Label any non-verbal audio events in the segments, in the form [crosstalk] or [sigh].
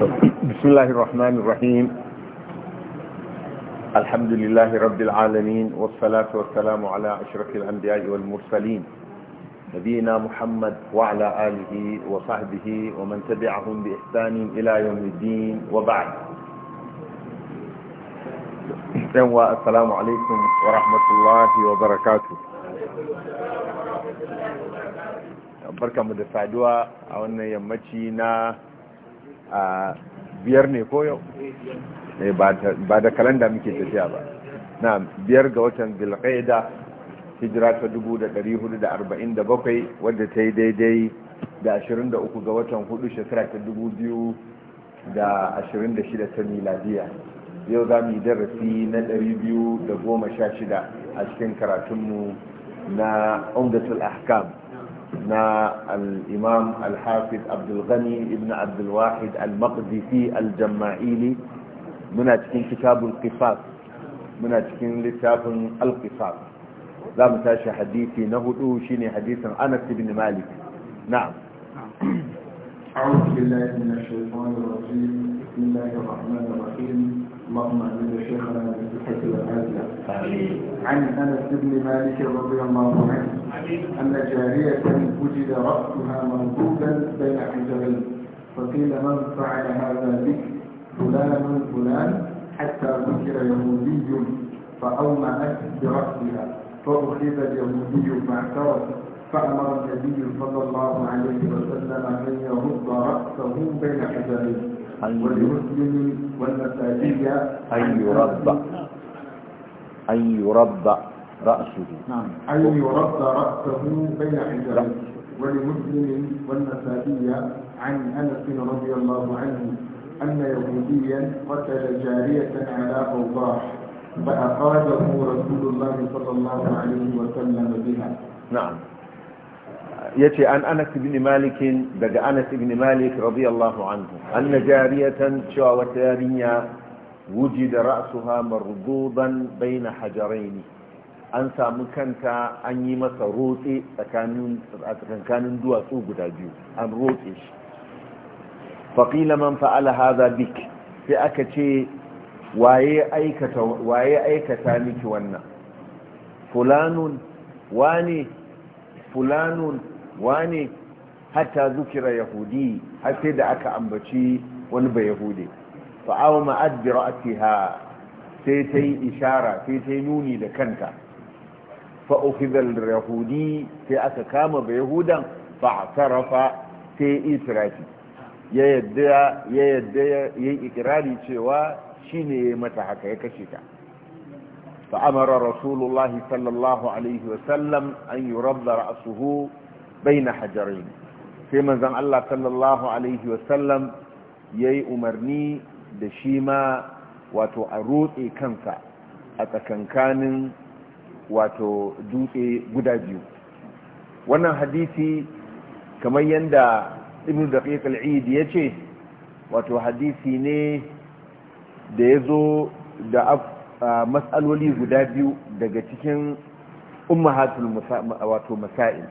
بسم الله الرحمن الرحيم الحمد لله رب العالمين والصلاة والسلام على أشرف الأنبياء والمرسلين نبينا محمد وعلى آله وصحبه ومن تبعهم بإحسان إلى يوم الدين وبعد السلام عليكم ورحمة الله وبركاته بركة مدفع دواء a wannan a biyar ne ko yau eh, eh, ba da kalanda muke tafiya ba na biyar ga watan zilkaida hijira ta 1447 wadda ta yi daidai da 23 ga watan hudu shekara ta 2026 ta miladiya yau za mu yi darasi na 216 a cikin karatunmu na umdatul ahkam نا الإمام الحافظ عبد الغني ابن عبد الواحد المقدسي الجماعيلي من أجل كتاب القصاص من أجل لتاف القصاص لا متاشى حديثي نهدو شيني حديثا أنس بن مالك نعم أعوذ بالله من الشيطان الرجيم بسم الله الرحمن الرحيم اللهم اعز شيخنا بالصحة والعافية عن انس بن مالك رضي الله عنه ان جارية وجد رأسها مربوطا بين حجرين فقيل من فعل هذا بك فلان فلان حتى ذكر يهودي فأومأت برأسها فأخذ اليهودي فاعترف فأمر النبي صلى الله عليه وسلم أن يرد رأسه بين حجرين والمسلم والمساجد أن يربى أن يربى رأسه نعم أن يربى رأسه بين عجلته ولمسلم والمساجد عن أنس رضي الله عنه أن يهوديا قتل جارية على أوضاح فأخرجه رسول الله صلى الله عليه وسلم بها نعم yace an Anas ibn Malik daga Anas ibn Malik radiyallahu anhu anna jariyatan cewa wata yarinya wuji da ra'suha mardudan baina ne. an samu kanta an yi masa rotse tsakanin tsakanin duwatsu guda biyu an rotse shi faqila man fa'ala hadha bik sai aka ce aikata waye aikata miki wannan fulanun wani fulanun wane hatta zukira yahudi har sai da aka ambaci wani ba yahudi fa aw ma'ad bi ra'siha sai ta yi ishara sai ta yi nuni da kanta fa ukhidha yahudi sai aka kama ba yahudan fa tarafa sai israfi ya yadda ya yadda yayi cewa shine yayi mata haka ya kashe ta fa amara rasulullahi sallallahu alaihi wa sallam an yurabba ra'suhu baina hajarin sai manzon Allah sallallahu alaihi wasallam yayi umarni da shi ma wato a rotse kansa a tsakankanin wato dutse guda biyu wannan hadisi kamar yadda ibn daqiq al-eid yace wato hadisi ne da zo da matsaloli guda biyu daga cikin ummahatul wato masail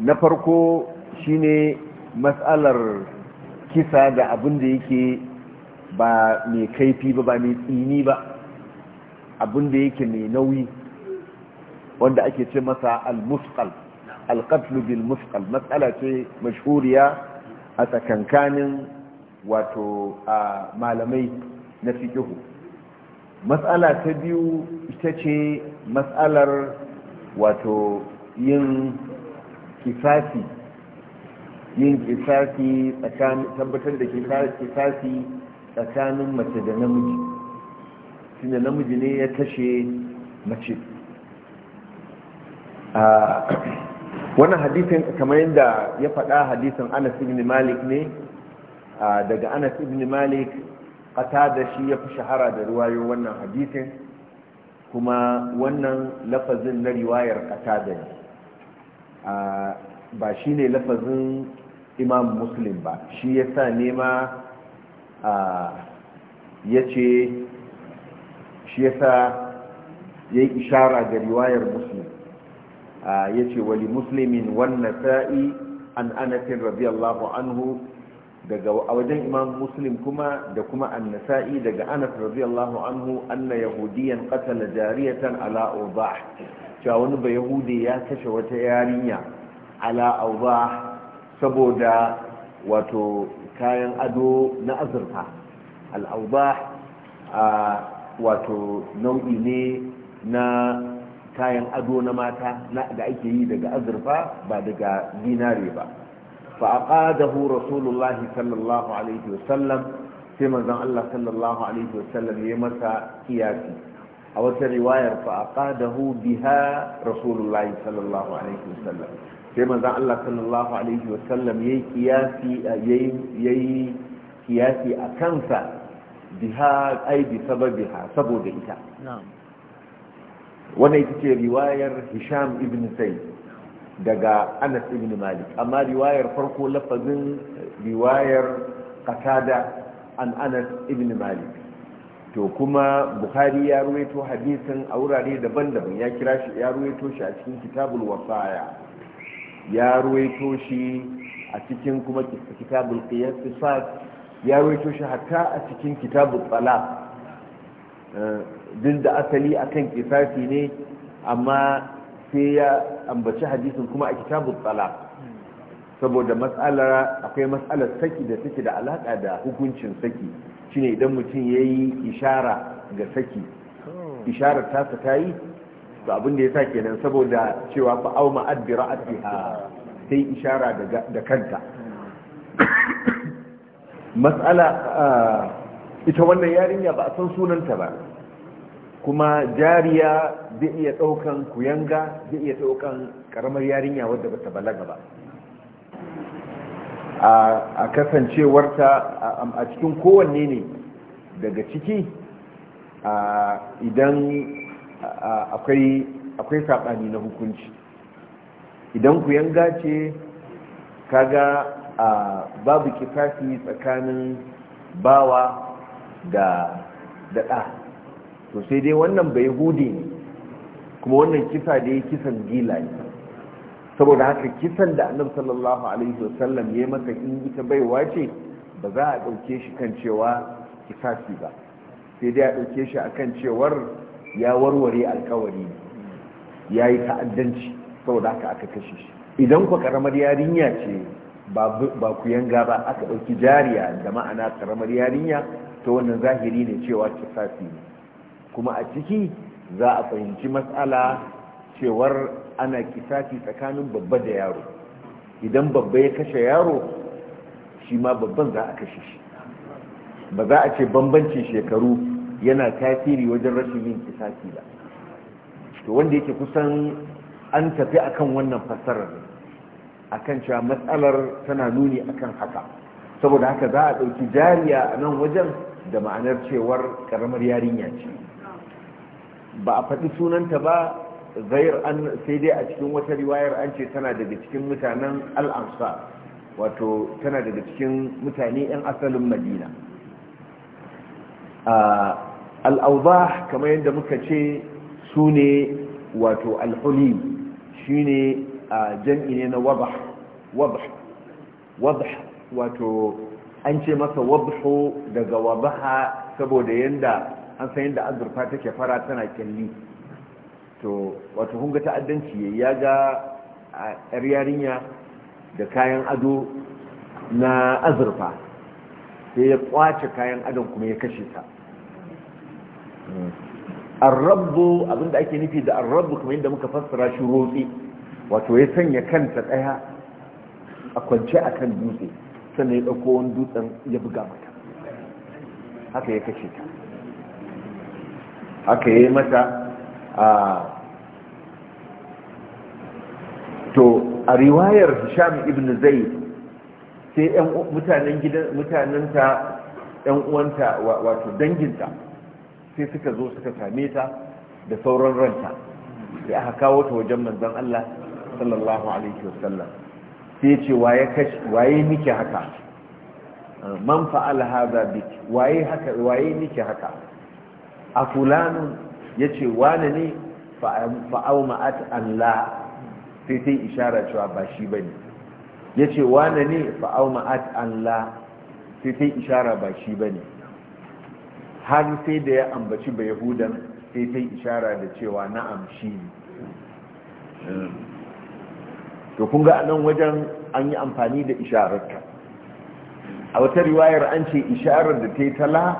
na farko shine matsalar kisa da abin da yake ba mai kaifi ba ba mai tsini ba abin da yake mai nauyi wanda ake ce masa al-musqal al-qatl bil musqal matsala ce mashhuriya a tsakankanin wato a malamai na fiqh matsala ta biyu ita ce matsalar wato yin kifasi yin kisasi tsakanin tabbatar da kisasi tsakanin mace da namiji shi da namiji ne ya kashe mace wannan hadisin kamar yadda ya faɗa hadisin anas ibn malik ne daga anas ibn malik ƙata da shi ya fi shahara da ruwayo wannan hadisin kuma wannan lafazin na riwayar ƙata da ne ba shi ne lafazin imam muslim ba shi ya sa nema ya ce shi ya sa ya yi ishara ga riwayar muslim ya ce wali muslimin wannan sa'i an anasin radiyallahu anhu daga wajen imam muslim kuma da kuma nasa'i daga anas radiyallahu anhu anna yahudiyan qatala jariyatan ala ubah cewa wani ba yahudi ya kashe wata yarinya ala auba saboda wato kayan ado na azurfa al'auba a wato nau'i ne na kayan ado na mata da ake yi daga azurfa ba daga dinare ba Fa fa'aqadahu rasulullahi sallallahu alaihi wasallam sai manzon Allah sallallahu alaihi wasallam ya masa kiyasi a wata riwayar fa aqadahu biha rasulullahi sallallahu alaihi wasallam sai manzon Allah sallallahu alaihi wasallam yayi kiyasi yayi kiyasi a kansa biha ai bi sababiha saboda ita wannan ita ce riwayar Hisham ibn Zaid daga Anas ibn Malik amma riwayar farko lafazin riwayar Qatada an Anas ibn Malik to kuma bukhari ya ruwaito hadisin a wurare daban-daban ya kira shi ya ruwaito shi a cikin kitabul wasaya ya ruwaito shi a cikin kuma kitabul qiyasat ya ruwaito shi hatta a cikin kitabul tsala eh, din da asali akan kisasi ne amma sai ya ambaci hadisin kuma a kitabul tsala saboda matsalar akwai matsalar saki da take da alaka da hukuncin saki shine idan mutum ya yi ishara ga saki isharar tasa ta yi to abin da ya sa kenan saboda cewa fa au ma'ad bi ra'atiha sai ishara da kanta mas'ala ah, ita wannan yarinya ba a san sunanta ba kuma jariya zai iya daukan kuyanga zai iya daukan karamar yarinya wadda ba ta balaga ba a kasancewarta a cikin kowanne ne daga ciki idan akwai saɓani na hukunci idan ku yanga ce kaga babu kifafi tsakanin bawa da ɗa to sai dai wannan bai hudi ne kuma wannan kisa da ya kisan gila ne saboda haka kisan da annabi sallallahu alaihi wasallam ya masa in ita baiwa ce ba za a ɗauke shi kan cewa kisasi ba sai dai a ɗauke shi a kan cewar ya warware alkawari ya yi ta'addanci saboda haka aka kashe shi idan ku karamar yarinya ce ba ku yanga ba aka ɗauki jariya da ma'ana karamar yarinya to wannan zahiri ne cewa kisasi ne kuma a ciki za a fahimci matsala cewar ana kisafi tsakanin babba da yaro idan babba ya kashe yaro shi ma babban za a kashe shi ba za a ce bambancin shekaru yana tasiri wajen rashin yin kisafi ba to wanda yake kusan an tafi akan wannan fassarar akan cewa matsalar tana nuni akan haka saboda haka za a ɗauki jariya a nan wajen da ma'anar cewar ƙaramar yarinya ce ba a faɗi sunanta ba gair an sai dai a cikin wata riwayar an ce tana daga cikin mutanen al'amsa wato tana daga cikin mutane 'yan asalin madina al'auba kamar yadda muka ce su ne wato alhuli shi ne jam'i ne na wabah wabah wato an ce masa wabaho daga wabaha saboda yadda an san yadda azurfa take fara tana kyalli to wato hunga ta'addanci ya ga yar yarinya da kayan ado na azurfa sai ya kwace kayan ado kuma ya kashe ta arrabu abinda ake nufi da arrabu kuma yadda muka fassara shi rotsi wato ya sanya kanta daya a kwance a kan dutse sannan ya ɗauko wani dutsen ya buga mata haka ya kashe ta haka ya yi mata to a riwayar hisham ibn zaid sai mutanen gidan mutanenta yan uwanta wato danginta sai suka zo suka same ta da sauran ranta sai aka kawo ta wajen manzon Allah sallallahu alaihi wasallam sai ce waye kashi waye miki haka man fa'ala hadha bik waye haka waye miki haka a fulanun ya ce wane ne fa'au ma'at Allah sai sai ishara cewa ba shi ba ne ya ce wane ne fa'au ma'at Allah sai sai ishara ba shi ba ne har sai da ya ambaci ba yahudan sai sai ishara da cewa na'am shi ne to kun ga nan wajen an yi amfani da ishararka a wata riwayar an ce isharar da ta yi tala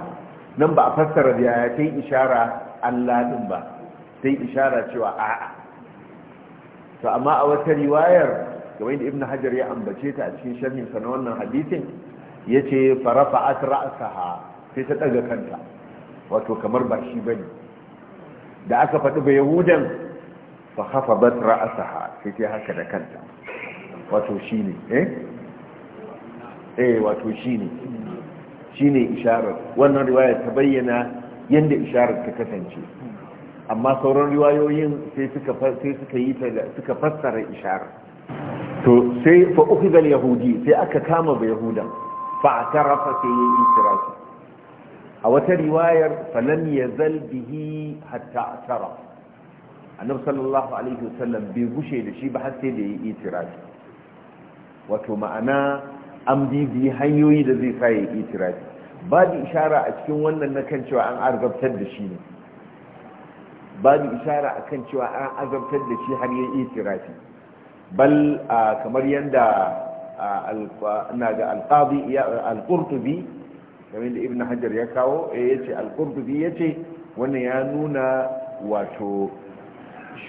nan ba a fassara da yaya ta yi ishara Allah din ba sai ishara cewa a'a to amma a wata riwayar kamar yadda ibnu hajar ya ambace ta a cikin sharhin sa na wannan hadisin yace farafa'at ra'saha sai ta daga kanta wato kamar ba shi bane da aka faɗi ba yahudan fa bat ra'saha sai ta haka da kanta wato shine eh eh wato shine shine isharar wannan riwaya ta bayyana yadda isharar ta kasance amma sauran riwayoyin sai suka fassara isharar to sai fa yahudi sai aka kama ba Yahudan fa atarafa sai yayi israfi a wata riwayar falam ya bihi hatta atarafa annabi sallallahu alaihi wasallam bai gushe da shi ba har sai da ya yi itirafi wato ma'ana an bibi hanyoyi da zai sa ya yi itirafi babu ishara a cikin wannan na kan cewa an azabtar da shi ne babu ishara a kan cewa an azabtar da shi har yin itirafi bal kamar yadda na ga alƙabi alƙurtubi kamar yadda ibn hajar ya kawo eh, ya ce alƙurtubi ya ce wannan ya nuna wato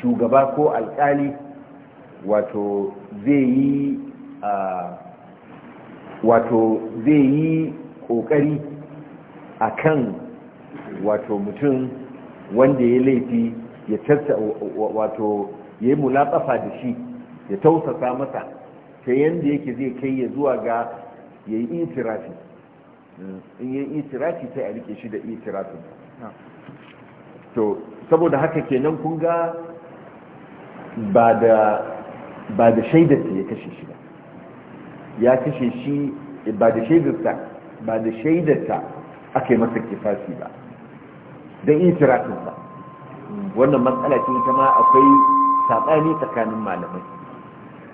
shugaba ko alƙali wato zai yi wato zai yi ƙoƙari a kan wato mutum wanda ya laifi ya tattata wato ya yi mulatsafa da shi ya tausasa masa ta yadda yake zai kai ya zuwa ga ya yi itirafi in yi itirafi sai a rike shi da itirafi to saboda haka kenan kun ga ba da shaidar ya kashe shi ba ya kashe shi ba da shaidarsa ba da shaidarta aka yi masa kifafi ba da don ba wannan matsala ce ta ma akwai saɓani tsakanin malamai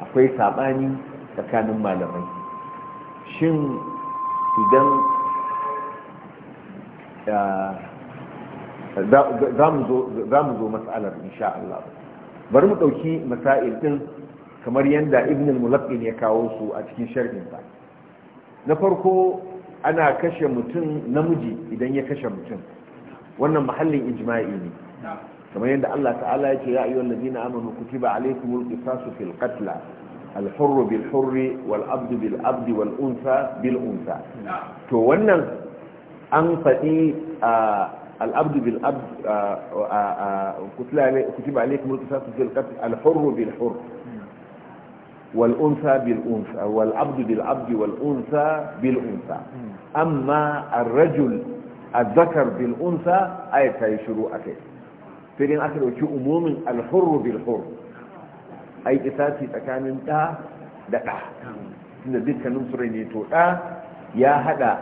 akwai saɓani tsakanin malamai shin idan za mu zo matsalar insha Allah bari mu ɗauki masail ɗin kamar yadda ibn al-mulaqqin ya kawo su a cikin sharhin na farko ana kashe mutum namiji idan ya kashe mutum wannan mahallin ijma'i ne kamar yadda Allah ta'ala ya ce ya ayyuhal ladina amanu kutiba alaykumul qisasu fil qatl al hurr bil hurr wal abd bil abd wal unsa bil unsa to wannan an faɗi al abd bil abd kutiba alaykumul qisasu fil qatl al hurr bil hurr والأنثى بالأنثى والعبد بالعبد والأنثى بالأنثى أما الرجل الذكر بالأنثى آية يشروع أكيد فإن أكد وكي أموم الحر بالحر أي إثاتي تكامن تا دقا إن ذلك نمسر نيتو تا يا هدا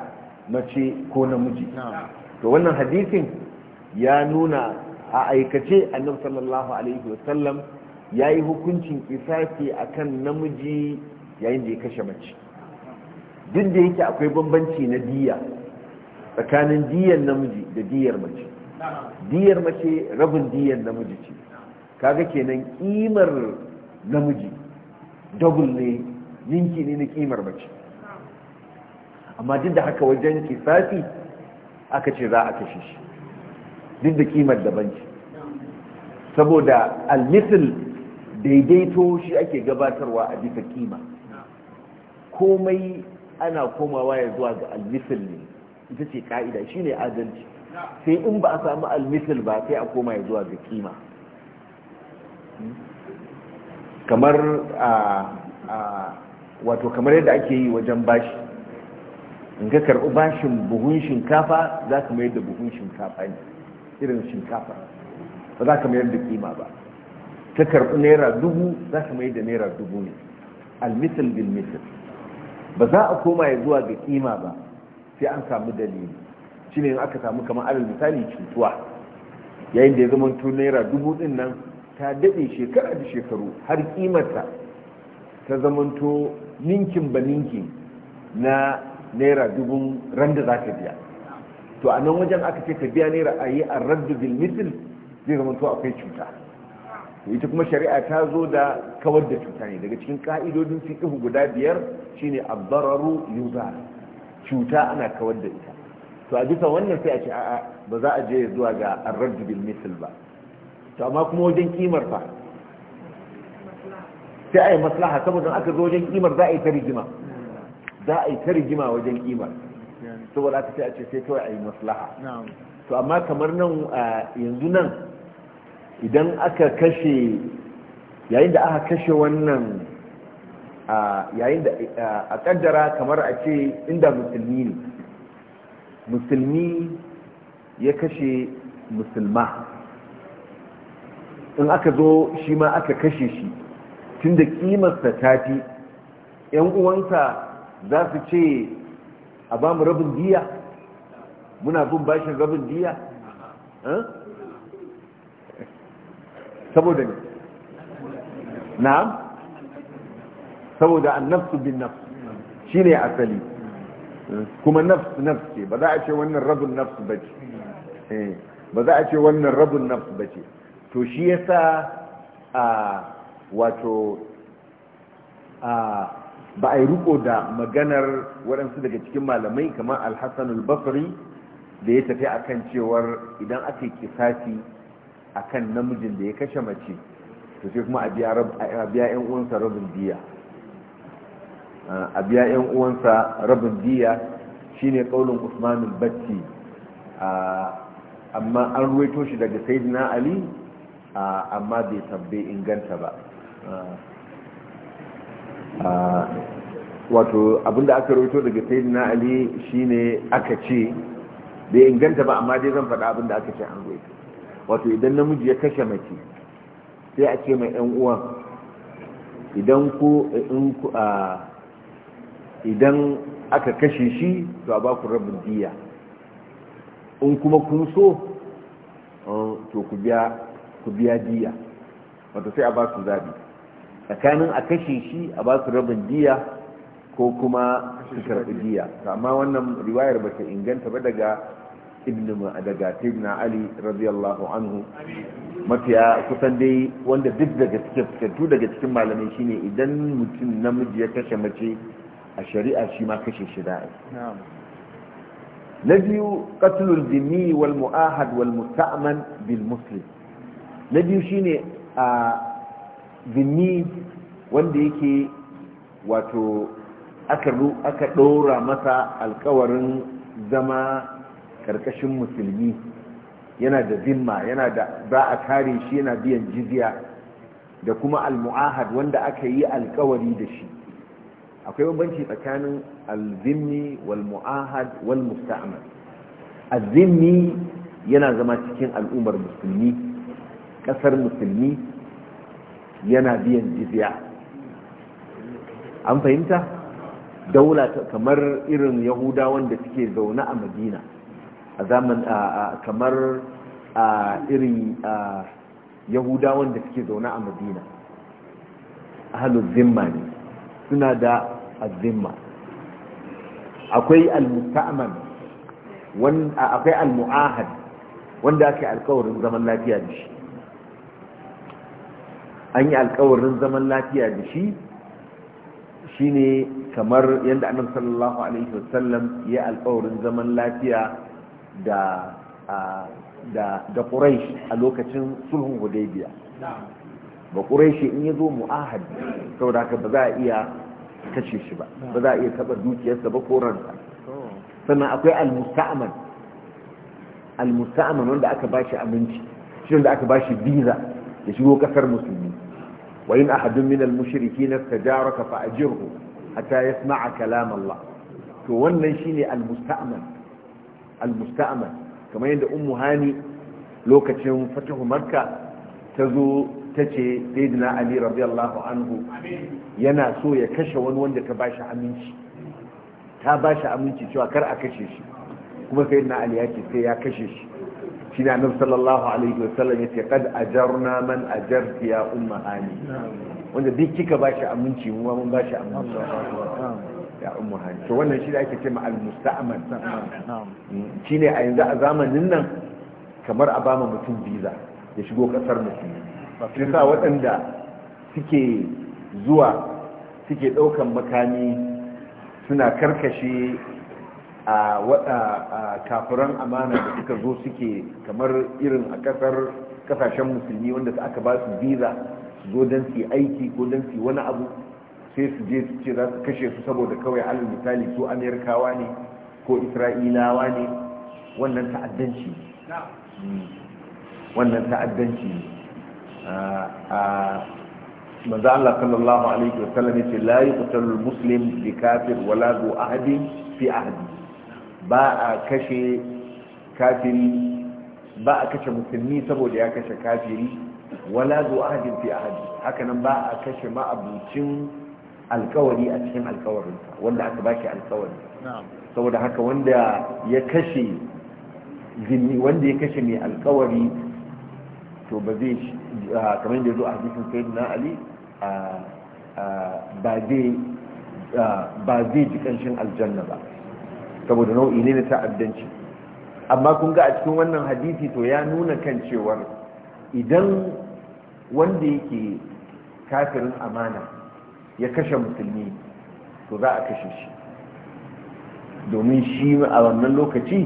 مشي كون مجي فوانا الحديث يا نونا a aikace annabi sallallahu alaihi wasallam ya yi hukuncin kisasi a kan namiji yayin da ya kashe mace duk da yake akwai bambanci na diya tsakanin diyar namiji da diyar mace diyar mace rabin diyar namiji ce kaga kenan kimar namiji double ne ninki ne na kimar mace amma duk da haka wajen kisafi aka ce za a kashe shi duk da kimar daban ce saboda almisil daidaito shi ake gabatarwa a bisa kima komai ana komawa ya zuwa ga almisal ne ita ce ka'ida shi ne adalci sai in ba a samu almisal ba sai a koma ya zuwa ga kima kamar a wato kamar yadda ake yi wajen bashi in ka karɓi bashin buhun shinkafa za ka mayar da buhun shinkafa ne irin shinkafa ba za ka mayar da kima ba ta karɓi naira dubu za ta mai da naira dubu ne almisal bil misal ba za a koma ya zuwa ga kima ba sai an samu dalili shine ne aka samu kamar alal misali cutuwa yayin da ya zama to naira dubu din nan ta daɗe shekara da shekaru har kimarta ta zamanto ninkin ba ninkin na naira dubu randa da za ka biya to a nan wajen aka ce ka biya naira a yi a raddu bil zai zamanto akwai cuta ita kuma shari'a ta zo da kawar da cuta ne daga cikin ka'idodin fiqh guda biyar shine ad-dararu cuta ana kawar da ita to a bisa wannan sai a ce a'a ba za a je zuwa ga ar bil misl ba to amma kuma wajen kimar fa sai ai maslaha saboda aka zo wajen kimar za a yi ta rigima za a yi ta rigima wajen kimar saboda aka sai a ce sai kawai ai maslaha to amma kamar nan yanzu nan idan aka kashe yayin da aka kashe wannan yayin da a kaddara kamar a ce inda musulmi ne musulmi ya kashe musulma in aka zo shi ma aka kashe shi tun da kimarsa ta fi yan uwansa za su ce a ba mu rabin giya? muna bin bashin rabin diya saboda ne na saboda annafsu bin nafsu ne asali kuma nafsu nafsu ce ba za a ce wannan rabin nafsu ba ce eh, ba za a ce wannan rabin nafsu ba ce to shi ya sa a wato a ba a yi riko da maganar waɗansu daga cikin malamai kamar alhassan al-basri da ya tafi akan cewar idan aka yi kisasi akan namijin da ya kashe mace to sai kuma a biya 'yan uwansa rabin diya a biya 'yan uwansa rabin diya shine kaulin usmanin batti amma an ruwaito shi daga sayyidina ali amma bai tabbe inganta ba wato abinda aka ruwaito daga sayyidina ali shine aka ce bai inganta ba amma dai zan faɗa abinda aka ce an ruwaito wato idan namiji ya kashe mace sai a ce mai yan uwan idan ku in ku a idan aka kashe shi to a ba ku rabin diya in kuma kun so um, to ku biya ku biya diya wato sai a ba su zabi tsakanin a kashe shi a ba su rabin diya ko kuma su karɓi diya amma wannan riwayar ba ta inganta ba daga ibn daga sayyidina ali radiyallahu anhu mafiya kusan dai wanda duk daga cikin fitattu daga cikin malamai shine idan mutum namiji ya kashe mace a shari'a shi ma kashe shi da'a na biyu qatlul dhimmi wal mu'ahad wal musta'man bil muslim na biyu shine a dhimmi wanda yake wato aka aka dora masa alkawarin zama karkashin musulmi yana da zimma yana da za a kare shi yana biyan jizya da kuma almu'ahad wanda aka yi alkawari da shi akwai bambanci tsakanin alzimmi wal mu'ahad wal musta'mal yana zama cikin al'ummar musulmi kasar musulmi yana biyan jizya an fahimta daula kamar irin yahudawan da suke zaune a madina a zaman kamar irin yahudawan da suke zaune a madina ahalun zimma ne suna da azimma akwai al wanda akwai al-mu'ahad wanda ake alkawarin zaman lafiya da shi an yi alƙawarin zaman lafiya da shi shine kamar yadda annabi sallallahu alaihi wasallam ya alƙawarin zaman lafiya da da quraish a lokacin sulhun hudaybiya ba quraishi in yazo mu'ahad saboda haka ba za a iya kashe shi ba ba za a iya taba dukiyarsa ba ko ransa sannan akwai al-musta'man al wanda aka bashi abinci shi wanda aka bashi visa ya shigo kasar musulmi wa in ahadun min al na istajaraka fa ajirhu hatta yasma'a kalam Allah to wannan shine al-musta'man al-musta'mal kamar yadda ummu hani lokacin fatahu makka ta zo ta ce sayyidina ali radiyallahu anhu yana so ya kashe wani wanda ta bashi aminci ta bashi aminci cewa kar a kashe shi kuma sayyidina ali ya ce sai ya kashe shi shi na nan sallallahu alaihi wasallam ya ce kad ajarna man ajarti ya umma hani wanda duk kika bashi aminci mu ma mun bashi aminci ya umu to wannan shi da ake cewa al-musta'man mm. ne a yanzu a zamanin nan kamar a bama mutum visa ya shigo kasar musulmi sai sa waɗanda suke zuwa suke ɗaukan makami suna karkashe a wada kafiran amana da suka zo suke kamar irin a kasar kasashen musulmi wanda aka ba su visa su zo don su aiki ko don su wani abu sai su je su ce za su kashe su saboda kawai alal misali su amerikawa ne ko isra'ilawa ne wannan ta'addanci wannan ta'addanci a manzo Allah sallallahu alaihi wasallam yace la yuqtalu muslim bi kafir wala du ahadi fi ahadi ba a kashe kafiri ba a kashe musulmi saboda ya kashe kafiri wala du ahadin fi ahadi hakanan ba a kashe ma'abucin alkawari a cikin alkawarinsa wanda aka bashi alkawari saboda haka wanda ya kashe zimmi wanda ya kashe mai alkawari to ba zai kamar da zo a hadisin na ali ba zai ji kanshin aljanna ba saboda nau'i ne na ta'addanci amma kun ga a cikin wannan hadisi to ya nuna kan cewar idan wanda yake kafirin amana ya kashe musulmi to za a kashe shi domin shi a wannan lokaci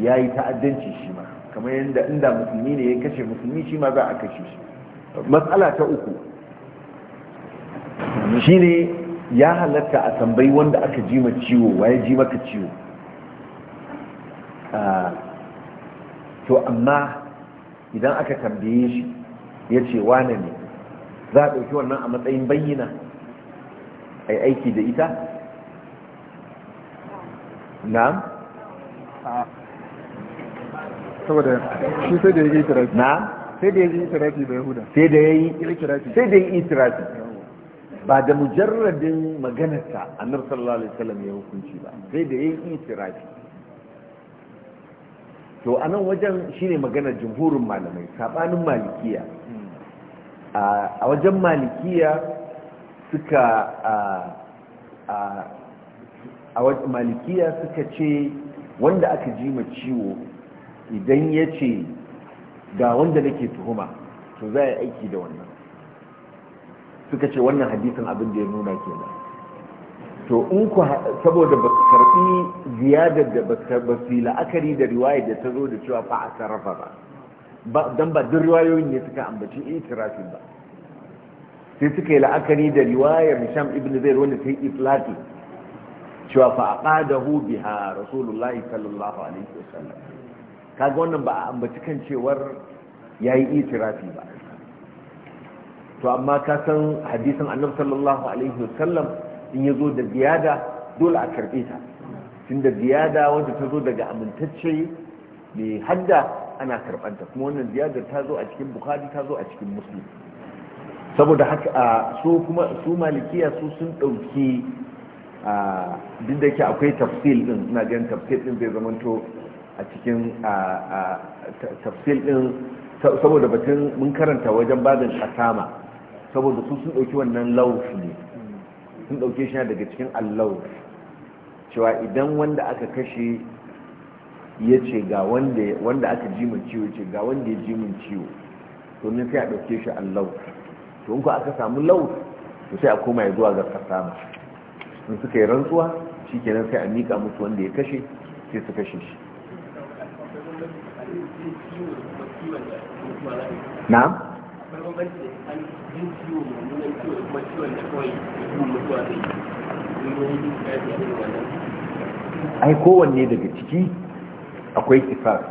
ya yi ta'addanci shi ma kamar yadda inda musulmi ne ya kashe musulmi shi ma za a kashe shi matsala ta uku shi ne ya halatta a tambayi wanda aka ji ma ciwo waye ji maka ciwo to amma idan aka tambaye shi ya ce wane ne za a ɗauki wannan a matsayin bayyana ai aiki da ita na'am saboda shi sai da ya yi itirafi na'am sai da ya yi itirafi ba yahuda sai da ya yi itirafi sai da ya yi itirafi ba da mujarradin maganarsa a sallallahu alaihi wasallam ya hukunci ba sai da ya yi itirafi to a nan wajen shi ne maganar jumhurin malamai sabanin malikiya a wajen malikiya suka a a malikiya suka ce wanda aka ji ma ciwo idan ya ce ga wanda nake tuhuma to za a aiki da wannan suka ce wannan hadisin abin da ya nuna kenan to in ku saboda ba su karbi ziyadar da ba su la'akari da riwaya da ta zo da cewa fa a sarrafa ba don ba duk riwayoyin ne suka ambaci itirafin ba sai suka yi la'akari da riwayar Hisham ibn zai wanda sai iflati cewa fa aqadahu biha Rasulullahi sallallahu alaihi wasallam kaga wannan ba a ambaci kan cewar yayi itirafi ba to amma ka san hadisin Annabi sallallahu alaihi wasallam in yazo da ziyada dole a karbe ta tun da ziyada wanda ta zo daga amintacce mai hadda ana karbanta kuma wannan ziyadar ta zo a cikin Bukhari ta zo a cikin Muslim saboda haka a su kuma su malikiya su sun ɗauki a duk da ke akwai tafsil din ina ganin tafsil bai zai to a cikin tafsil din saboda batun mun karanta wajen bazin kasama saboda su sun ɗauki wannan lauf ne sun dauke shi daga cikin allauf cewa idan wanda aka kashe ya ce ga wanda aka mun ciwo ce ga wanda ya ji mun ciwo to ne sai a dauke shi allauf to in ku aka samu lau to sai a koma zuwa ga kasama in suka yi rantsuwa shi kenan sai a mika musu wanda ya kashe sai su kashe shi na? ai kowanne daga ciki akwai kisar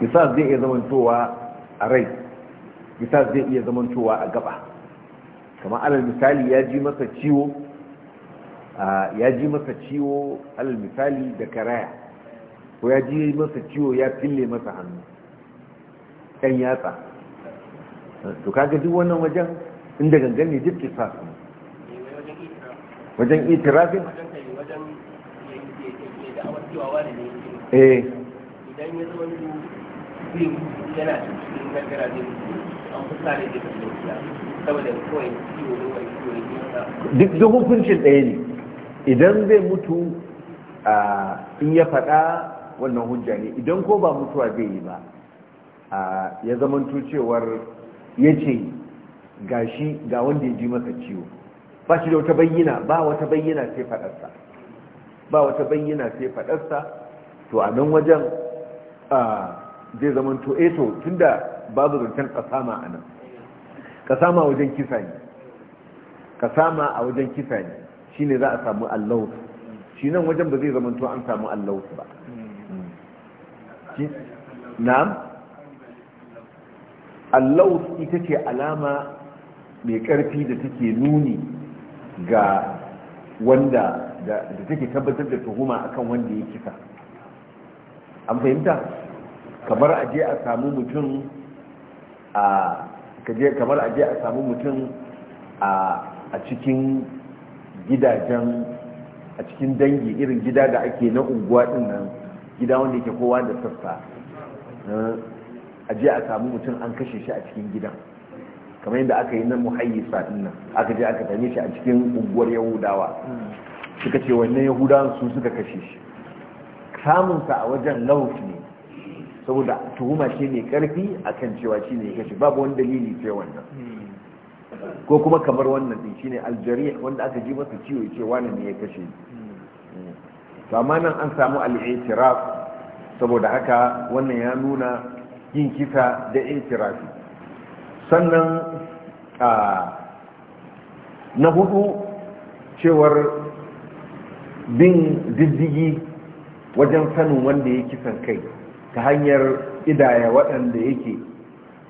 kisar zai iya zamantowa a rai kisas zai iya zamantowa a gaba kamar alal misali ya ji masa ciwo ya ji masa ciwo alal misali da karaya ko ya ji masa ciwo ya fille masa hannu ɗan yatsa to kaga duk wannan wajen inda gangan ne duk kisas ne wajen itirafin eh idan ya zama yana cikin duk da hukuncin ɗaya ne idan zai mutu a in ya faɗa wannan hujja ne idan ko ba mutuwa zai yi ba ya zamanto cewar ya ce ga shi ga wanda ya ji masa ciwo ba shi da wata bayyana ba wata bayyana sai faɗarsa ba wata bayyana sai faɗarsa to a nan wajen zai zamantu eto eh tunda babu zancen kasama a nan kasama wajen kisa ne kasama a wajen kisa ne shi ne za a samu allahu shi nan wajen ba zai zamanto an samu allahu ba na'am allahu ita ce alama mai karfi da take nuni ga wanda da take tabbatar da tuhuma akan wanda ya kisa an fahimta kamar a je a samu mutum a kaje kamar a je a samu mutum a cikin gidajen a cikin dangi irin gida da ake na unguwa din nan gida wanda yake kowa da sassa a je a samu mutum an kashe shi a cikin gidan kamar yadda aka yi na muhayyisa din nan aka je aka same shi a cikin unguwar yahudawa suka ce wannan yahudawan su suka kashe shi samunsa a wajen laufi ne saboda tuhuma shi ne karfi akan cewa shi ne kashe babu wani dalili ce wannan ko kuma kamar wannan din ne aljariya wanda aka ji masa ciwo ce wani ne ya kashe to an samu alitiraf saboda haka wannan ya nuna yin kisa da i'tirafi sannan na hudu cewar bin diddigi wajen sanin wanda ya kisan kai ta hanyar idaya waɗanda yake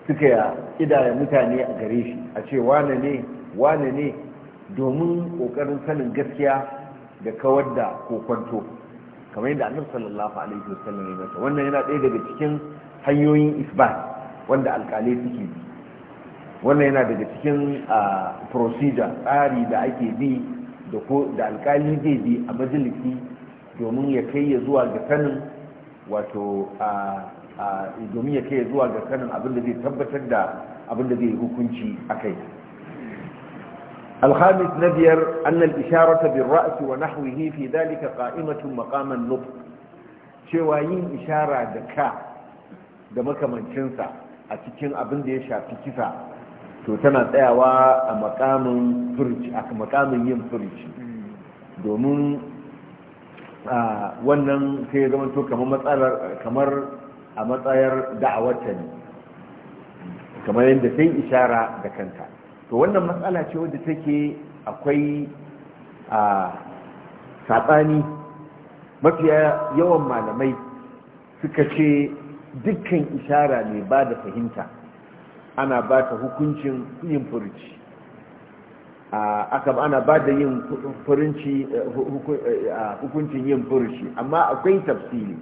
suka idaya mutane a gare shi a ce wane ne wane ne domin ƙoƙarin sanin gaskiya da kawar da kokwanto kamar yadda annabi sallallahu alaihi wasallam ya mata wannan yana ɗaya daga cikin hanyoyin isbat wanda alƙalai suke bi wannan yana daga cikin procedure tsari da ake bi da alƙali zai bi a majalisi domin ya kai ya zuwa ga sanin Wato indomi ya kai zuwa ga sanin abin da zai tabbatar da abin da zai yi hukunci a kai alhamis na biyar annan isarar ta bin wa nahu'i nufi dalika ka'imacin maƙaman nof cewa yin ishara da ka da makamancinsa a cikin abin da ya shafi kisa to tana tsayawa a maƙaman firij a ka yin firij hmm. domin. wannan sai ya zama to kamar a matsayar da'awarta ne kamar yadda sai ishara da kanta to wannan matsala ce wadda take akwai a saɓani mafiya yawan malamai suka ce dukkan ishara ne ba da fahimta ana ba ta hukuncin yin furuci. aka ana ba da yin eh, eh, hukuncin yin furinci amma akwai tafsiri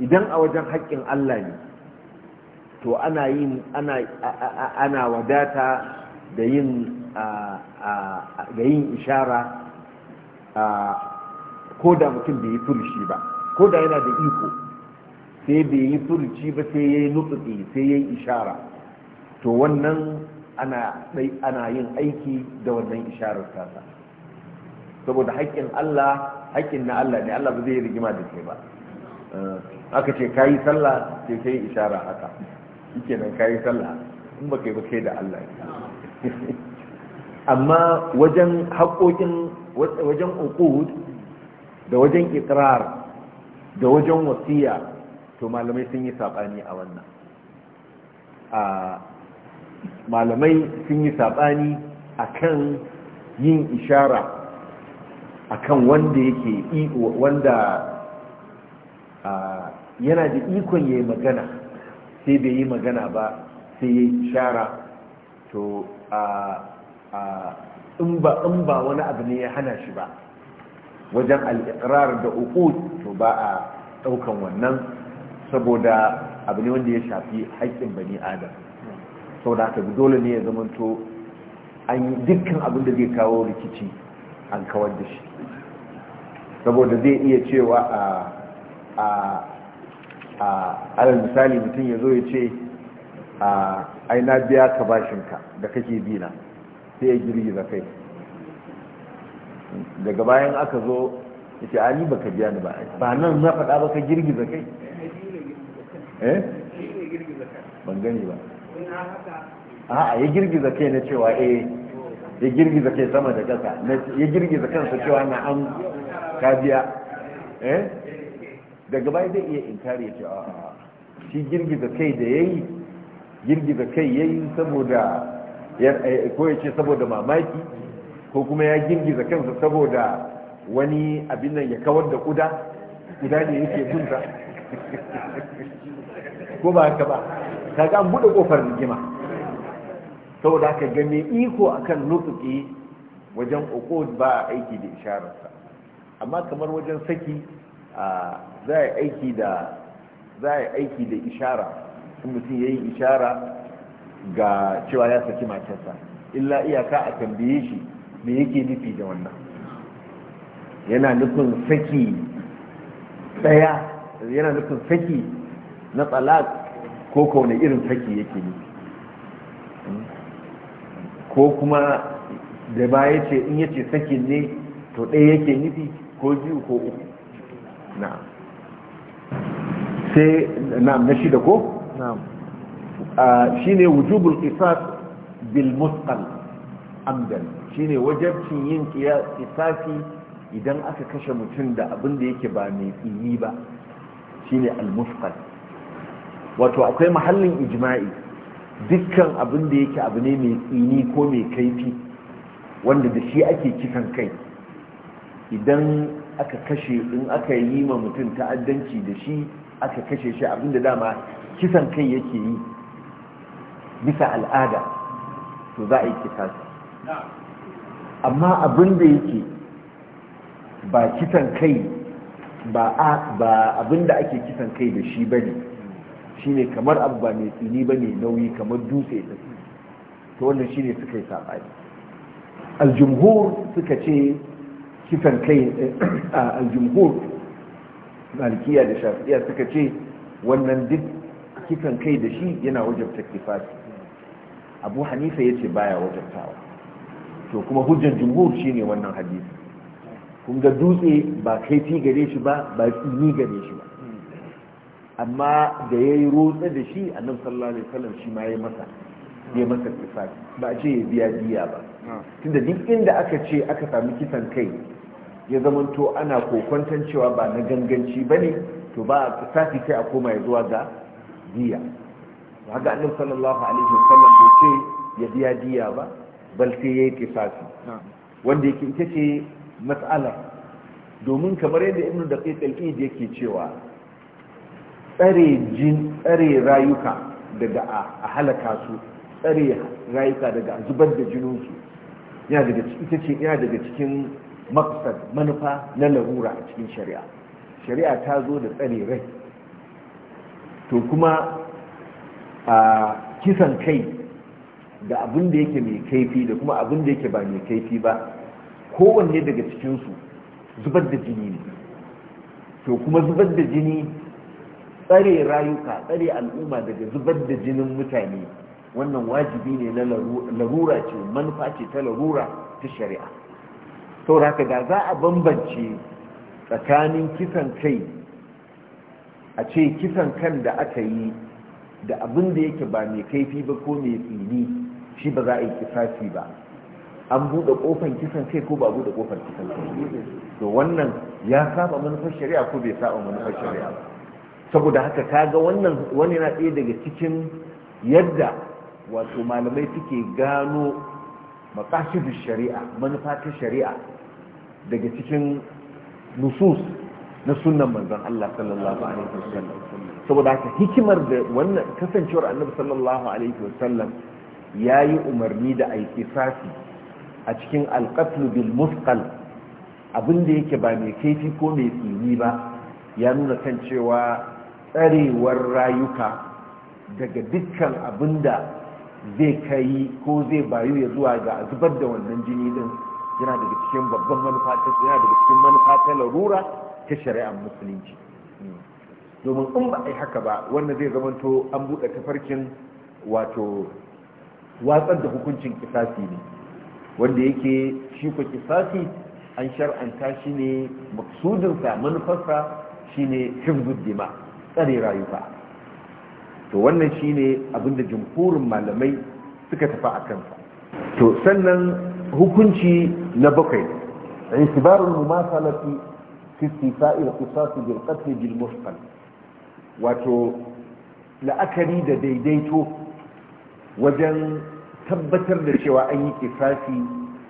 idan a wajen haƙƙin Allah ne to ana yin ana wadata da yin da yin ishara ko da mutum bai yi ba ko da yana da iko sai bai yi furinci ba sai ya yi nutsi sai ya yi ishara to wannan ana ana yin aiki da wannan isharar tasa saboda haƙƙin Allah haƙƙin na Allah ne Allah ba zai rigima da ke ba eh, aka ce kayi sallah sai kai ishara haka yake nan kayi sallah in ba kai ba kai da Allah [laughs] amma wajen haƙoƙin wajen uqud da wajen iqrar da wajen wasiya to malamai sun yi sabani a wannan ah, malamai sun yi saɓani kan yin ishara akan wanda yake wanda yana da ikon ya yi magana sai bai yi magana ba sai ya yi ishara to in ba wani abu ne ya hana shi ba wajen al'irar da uku to ba a ɗaukan wannan saboda abu ne wanda ya shafi haƙƙin bani adam saboda haka dole ne ya zamanto an yi dukkan abin da zai kawo rikici an kawar da shi saboda zai iya cewa a a alal misali mutum ya zo ya ce a aina biya ka bashinka da kake bina sai ya girgiza kai daga bayan aka zo ya ce ani baka biya ni ba ba nan na faɗa baka girgiza kai eh ban gani ba a'a ya girgiza kai na cewa eh ya girgiza kai sama da ƙasa ya girgiza kansa cewa na an kabiya eh daga baya zai iya inkari ya ce a shi girgiza kai da yayi girgiza kai yayi saboda eh, ko ya ce saboda mamaki ko kuma ya girgiza kansa saboda wani abin nan ya kawar da kuda kuda ne yake bunta [laughs] ko ba haka ba kaga an buɗe ƙofar rigima saboda haka ga mai iko akan nutsuki wajen uqud ba aiki da ishararsa amma kamar wajen saki za a aiki da za aiki da ishara sun mutum yayi ishara ga cewa ya saki matarsa illa iyaka a tambaye shi me yake nufi da wannan yana nufin saki daya yana nufin saki na talak ko wani irin saki yake yi ko kuma da ba ya ce in yace saki ne to ɗaya yake nufi ko biyu ko uku na sai na na shida ko? shi ne wujubul qisas bil musqal amdan shi ne wajabcin yin qisasi idan aka kashe mutum da abin da yake ba mai tsini ba shi ne al musqal wato akwai mahallin ijma'i dukkan abin da yake abu ne mai tsini ko mai kaifi wanda da shi ake kisan kai idan aka kashe in aka yi ma mutum ta'addanci da shi aka kashe shi abinda dama kisan kai yake yi bisa al'ada to za a yi kisa amma abinda yake ba kisan kai ba abinda ake kisan kai da shi bane shine kamar abu ba mai tsini ba ne nauyi kamar dutse da to wannan ne suka yi saɓani aljumhur suka ce kifan kai eh, aljumhur malikiya da shafiya suka ce wannan duk kifan kai da shi yana wajabta kifasi abu hanifa ya ce baya wajabtawa to kuma hujjar jumhur ne wannan hadisi kun ga dutse ba fi gare shi ba ba tsini gare shi ba amma da ya yi rotsa da shi nan sallallahu alaihi wasallam shi ma ya masa ya masa kisa ba a ce ya biya biya ba ah. tunda duk inda aka ce aka sami kisan kai ya zamanto ana kokwantan cewa ba na ganganci ba ne to ba a kisafi sai a koma ya zuwa ga biya haka annabi sallallahu alaihi wasallam bai ce ya biya biya ba bal sai ya yi kisafi ah. wanda yake ita ce matsalar domin kamar yadda ibnu daqiq al yake cewa tsare jin tsare rayuka daga a halaka su tsare rayuka daga zubar da jininsu ita ce yana daga cikin maksad manufa na larura a cikin shari'a shari'a ta zo da tsare rai to kuma a kisan kai da abin da yake mai kaifi da kuma abin da yake ba mai kaifi ba kowanne daga cikinsu zubar da jini ne to kuma zubar da jini tsare rayuka tsare al'umma daga zubar da jinin mutane wannan wajibi ne na larura ce manufa ce ta larura ta shari'a sauraka da za a bambance tsakanin kisan kai a ce kisan kan da aka yi da abin da yake ba mai kaifi ba ko mai tsini shi ba za a yi kisafi ba an buɗe ƙofar kisan kai ko ba buɗe ƙofar kisan kai to wannan ya saba manufar shari'a ko bai saba manufar shari'a ba saboda haka kaga wannan wani na ɗaya daga cikin yadda wato malamai suke gano makasidu shari'a manufa shari'a daga cikin nusus na sunan manzan Allah sallallahu alaihi wasallam saboda haka hikimar da wannan kasancewar annabi sallallahu alaihi wasallam yi umarni da aiki a cikin alqatl bil muskal abinda yake ba mai kaifi ko mai tsini ba ya nuna kan cewa tsarewar rayuka daga dukkan abin da zai kai ko zai bayu ya zuwa ga zubar da wannan jini din yana daga cikin babban manufa ta yana daga cikin manufa ta larura ta shari'ar musulunci domin in ba a yi haka ba wannan zai zamanto an buɗe tafarkin wato watsar da hukuncin kisasi ne wanda yake shi ko kisasi an shar'anta shi ne maksudinsa manufarsa shi ne hifzud dima' tsare rayuka to wannan shine abinda jumhurin malamai suka tafi a kansa to sannan hukunci na bakwai intibarul mumasalati fi istifa'il qisas bil qatl bil muhsan wato la'akari da daidaito wajen tabbatar da cewa an yi kisafi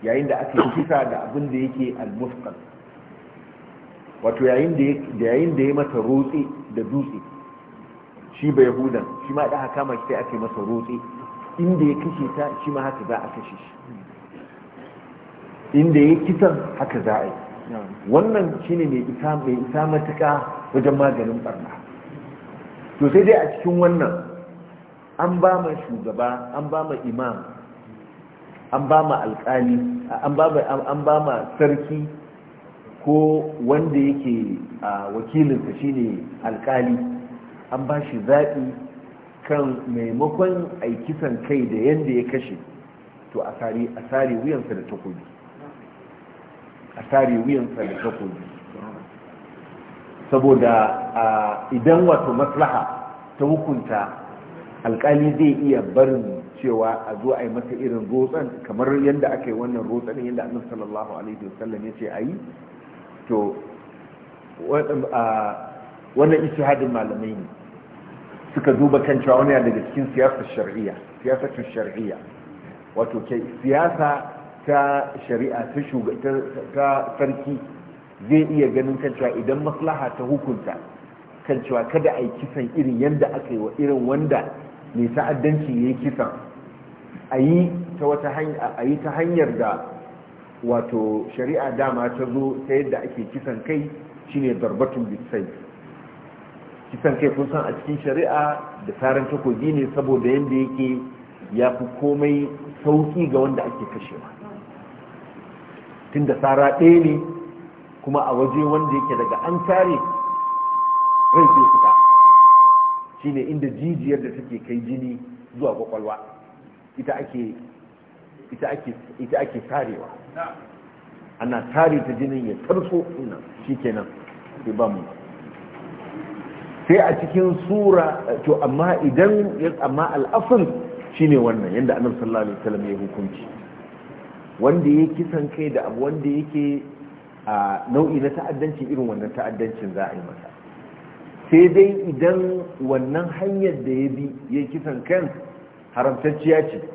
yayin da aka yi kisa da abin da yake al-mufqan wato yayin da ya mata rotse da dutse shi bai hudan. shi ma da haka kama shi sai ake masa rotse inda ya kashe ta shi ma haka za a kashe shi inda ya kisan haka za a yi wannan shine mai isa mai isa matuka wajen maganin barna to sai dai a cikin wannan an ba ma shugaba an ba ma imam an ba ma alƙali an ba ma sarki ko wanda yake a wakilinsa shine alkali an ba shi zaɓi kan maimakon aikisan kai da yadda ya kashe to a tsari wuyansa da takobi a tsari wuyansa da takobi saboda idan wato maslaha ta hukunta alkali zai iya barin cewa a zo a yi masa irin rotsan kamar yadda aka yi wannan rotsan yadda annabi sallallahu alaihi wasallam ya ce a yi to wannan hadin malamai ne suka duba kan cewa wani daga cikin siyasar shari'a siyasar shari'a wato ke siyasa ta shari'a ta sarki zai iya ganin kan cewa idan maslaha ta hukunta kan cewa kada a yi kisan irin yadda aka yi wa irin wanda mai ta'addanci ya yi kisan a yi ta hanyar da wato shari'a dama ta zo ta yadda ake kisan kai shine darbatun bisai kisan kai kun san a cikin shari'a da tsarin takobi ne saboda yadda yake ya fi komai sauki ga wanda ake kashewa Tunda da tsara ɗaya ne kuma a waje wanda yake daga an tare rai zai fita shine inda jijiyar da take kai jini zuwa kwakwalwa ita ake ita ita ake ana tare ta jinin ya tarso ina shi kenan sai ba mu sai a cikin sura to amma idan amma al'afin shine wannan yadda annabi sallallahu alaihi wasallam ya hukunci wanda ya kisan kai da abu wanda yake a nau'i na ta'addanci irin wannan ta'addancin za a yi masa sai dai idan wannan hanyar da ya bi ya kisan kan haramtacciya ce